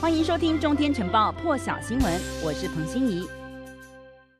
歡迎收聽《中天晨報》破曉新聞，我是彭欣怡。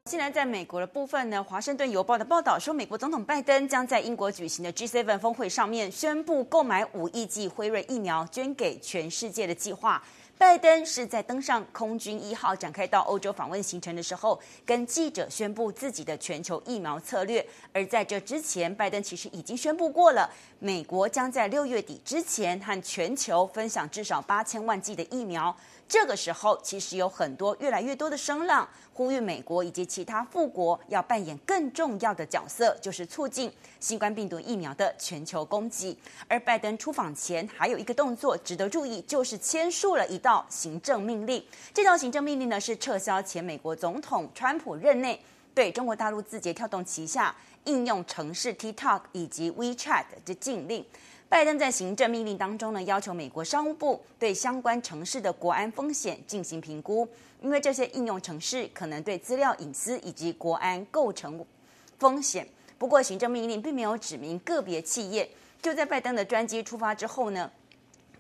現在在美國的部分呢，《華盛頓郵報》的報道說，美國總統拜登將在英國舉行的 G7 峰會上面宣布購買五億劑輝瑞疫苗，捐給全世界的計劃。拜登是在登上空軍一號，展開到歐洲訪問行程的時候，跟記者宣布自己的全球疫苗策略。而在這之前，拜登其實已經宣布過了，美國將在六月底之前，和全球分享至少八千萬劑的疫苗。這個時候，其實有很多越來越多的聲浪呼籲美國，以及其他富國要扮演更重要的角色，就是促進新冠病毒疫苗的全球供給。而拜登出訪前，還有一個動作值得注意，就是簽署了一道行政命令。這道行政命令呢，是撤銷前美國總統川普任內對中國大陸字節跳動旗下應用程式 TikTok 以及 WeChat 的禁令。拜登在行政命令當中呢，要求美國商務部對相關程式的國安風險進行評估，因為這些應用程式可能對資料隱私以及國安構成風險。不過，行政命令並沒有指明個別企業。就在拜登的專機出發之後呢，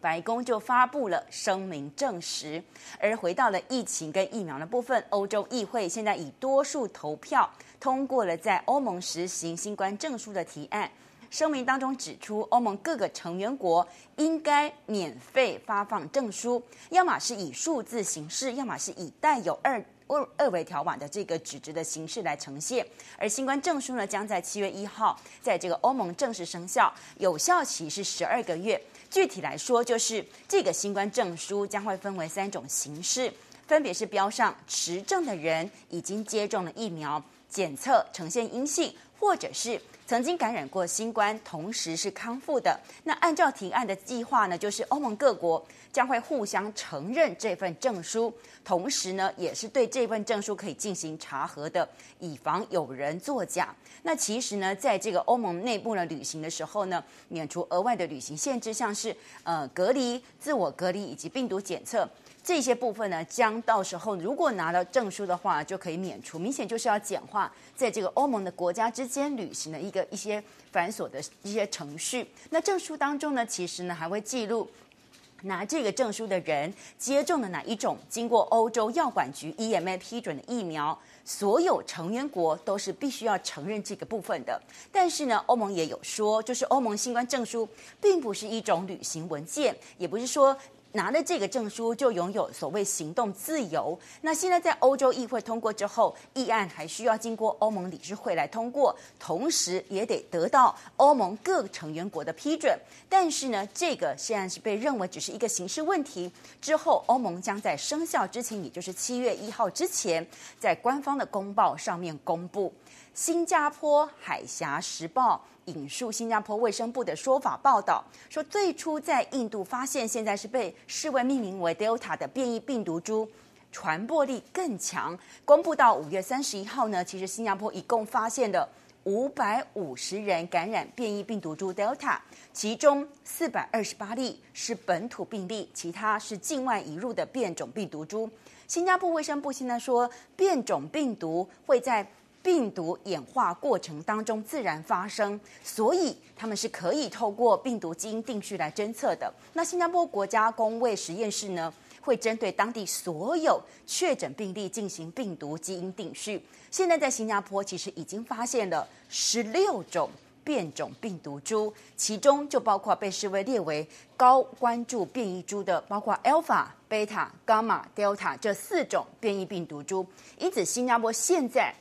白宮就發布了聲明證實。而回到了疫情跟疫苗的部分，歐洲議會現在以多數投票通過了在歐盟實行新冠證書的提案。聲明當中指出，歐盟各個成員國應該免費發放證書，要麼是以數字形式，要麼是以帶有二二二維條碼的這個紙質的形式來呈現。而新冠證書呢，將在七月一號在這個歐盟正式生效，有效期是十二個月。具體來說，就是這個新冠證書將會分為三種形式，分別是標上持證的人已經接種了疫苗、檢測呈現陰性，或者是。曾經感染過新冠，同時是康復的。那按照提案的計劃呢，就是歐盟各國將會互相承認這份證書，同時呢，也是對這份證書可以進行查核的，以防有人作假。那其實呢，在這個歐盟內部呢，旅行的時候呢，免除額外的旅行限制，像是呃隔離、自我隔離以及病毒檢測。這些部分呢，將到時候如果拿到證書的話，就可以免除。明顯就是要簡化在這個歐盟的國家之間旅行的一個一些繁瑣的一些程序。那證書當中呢，其實呢還會記錄拿這個證書的人接種了哪一種經過歐洲藥管局 EMA 批准的疫苗。所有成員國都是必須要承認這個部分的。但是呢，歐盟也有說，就是歐盟新冠證書並不是一種旅行文件，也不是說。拿了這個證書，就擁有所謂行動自由。那現在在歐洲議會通過之後，議案還需要經過歐盟理事會來通過，同時也得得到歐盟各成員國的批准。但是呢，這個現在是被認為只是一個形式問題。之後，歐盟將在生效之前，也就是七月一號之前，在官方的公報上面公布。新加坡《海峽時報》引述新加坡衛生部的說法報道說，最初在印度發現，現在是被世衛命名為 Delta 的變異病毒株，傳播力更強。公布到五月三十一號呢，其實新加坡一共發現了五百五十人感染變異病毒株 Delta，其中四百二十八例是本土病例，其他是境外移入的變種病毒株。新加坡衛生部現在說，變種病毒會在病毒演化過程當中自然發生，所以他們是可以透過病毒基因定序來偵測的。那新加坡國家公衛實驗室呢，會針對當地所有確診病例進行病毒基因定序。現在在新加坡，其實已經發現了十六種變種病毒株，其中就包括被世衛列為高關注變異株的，包括 Alpha、Beta、Gamma、Delta 這四種變異病毒株。因此，新加坡現在。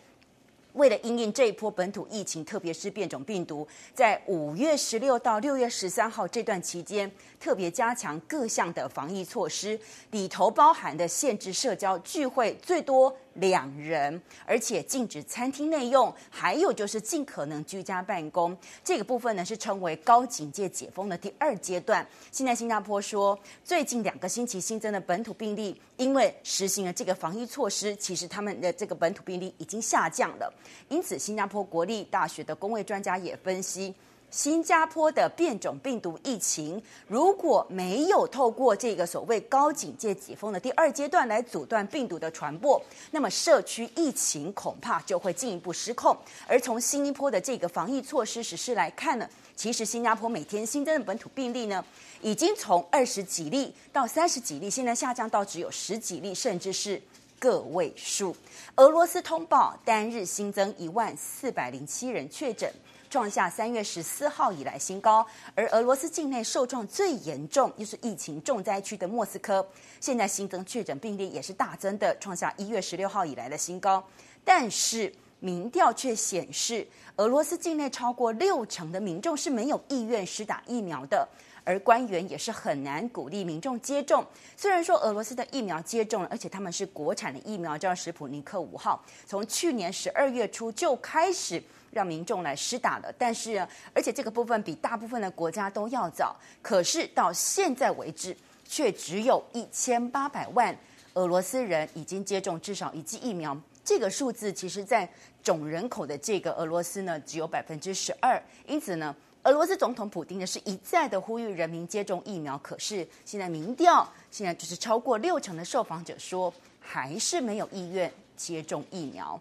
為了因應這一波本土疫情，特別是變種病毒，在五月十六到六月十三號這段期間，特別加強各項的防疫措施，裡頭包含的限制社交聚會最多兩人，而且禁止餐廳內用，還有就是盡可能居家辦公。這個部分呢是稱為高警戒解封的第二階段。現在新加坡說，最近兩個星期新增的本土病例，因為實行了這個防疫措施，其實他們的這個本土病例已經下降了。因此，新加坡國立大學的公衛專家也分析，新加坡的變種病毒疫情，如果沒有透過這個所謂高警戒解封的第二階段來阻斷病毒的傳播，那麼社區疫情恐怕就會進一步失控。而從新加坡的這個防疫措施實施來看呢，其實新加坡每天新增的本土病例呢，已經從二十幾例到三十幾例，現在下降到只有十幾例，甚至是個位數。俄羅斯通報單日新增一萬四百零七人確診，創下三月十四號以來新高，而俄羅斯境內受創最嚴重又是疫情重災區的莫斯科，現在新增確診病例也是大增的，創下一月十六號以來的新高。但是民調卻顯示，俄羅斯境內超過六成的民眾是沒有意願施打疫苗的，而官員也是很難鼓勵民眾接種。雖然說俄羅斯的疫苗接種了，而且他們是國產的疫苗，叫史普尼克五號，從去年十二月初就開始。讓民眾來施打的，但是、啊、而且這個部分比大部分的國家都要早。可是到現在為止，卻只有一千八百萬俄羅斯人已經接種至少一劑疫苗。這個數字其實，在總人口的這個俄羅斯呢，只有百分之十二。因此呢，俄羅斯總統普丁呢是一再的呼籲人民接種疫苗。可是現在民調，現在就是超過六成的受訪者說，還是沒有意願接種疫苗。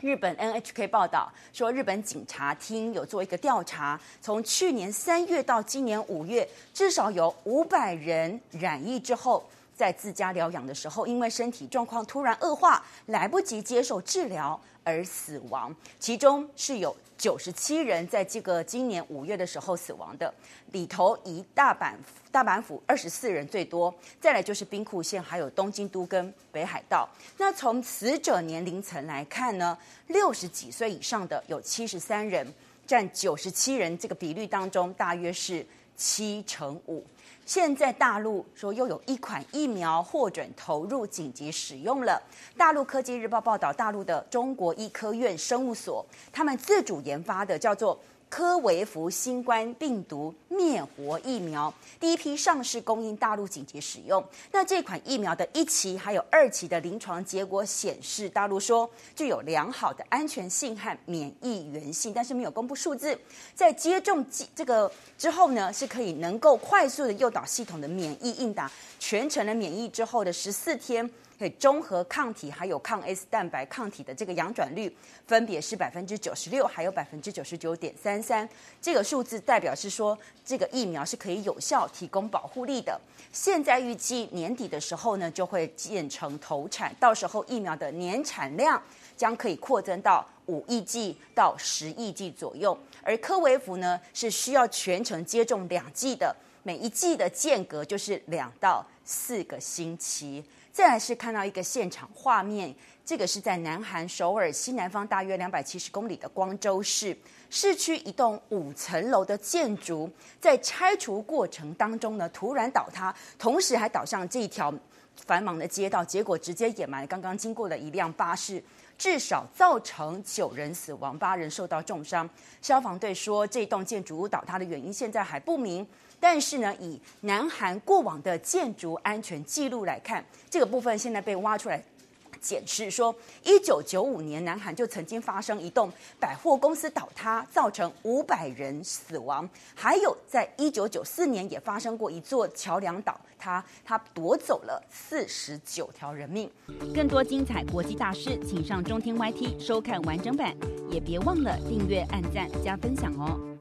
日本 NHK 報道說，日本警察廳有做一個調查，從去年三月到今年五月，至少有五百人染疫之後。在自家療養的時候，因為身體狀況突然惡化，來不及接受治療而死亡。其中是有九十七人在這個今年五月的時候死亡的，裡頭以大阪大阪府二十四人最多，再來就是兵庫縣，還有東京都跟北海道。那從死者年齡層來看呢，六十幾歲以上的有七十三人，佔九十七人這個比率當中大約是七成五。現在大陸說又有一款疫苗獲准投入緊急使用了。大陸科技日報報道，大陸的中國醫科院生物所，他們自主研發的叫做。科維福新冠病毒滅活疫苗第一批上市供應大陸緊急使用。那這款疫苗的一期還有二期的臨床結果顯示，大陸說具有良好的安全性和免疫原性，但是沒有公布數字。在接種這個之後呢，是可以能夠快速的誘導系統的免疫應答，全程的免疫之後的十四天。以，中和抗體還有抗 S 蛋白抗體的這個陽轉率，分別是百分之九十六，還有百分之九十九點三三。這個數字代表是說，這個疫苗是可以有效提供保護力的。現在預計年底的時候呢，就會建成投產，到時候疫苗的年產量將可以擴增到五億劑到十億劑左右。而科維福呢，是需要全程接種兩劑的，每一劑的間隔就是兩到四個星期。再來是看到一個現場畫面，這個是在南韓首爾西南方大約兩百七十公里的光州市市區，一棟五層樓的建築在拆除過程當中呢突然倒塌，同時還倒向這一條繁忙的街道，結果直接掩埋剛剛經過的一輛巴士，至少造成九人死亡，八人受到重傷。消防隊說，這棟建築物倒塌的原因現在還不明。但是呢，以南韓過往的建築安全記錄來看，這個部分現在被挖出來解釋說，一九九五年南韓就曾經發生一棟百貨公司倒塌，造成五百人死亡；還有在一九九四年也發生過一座橋樑倒塌，它它奪走了四十九條人命。更多精彩國際大事，請上中天 YT 收看完整版，也別忘了訂閱、按贊、加分享哦。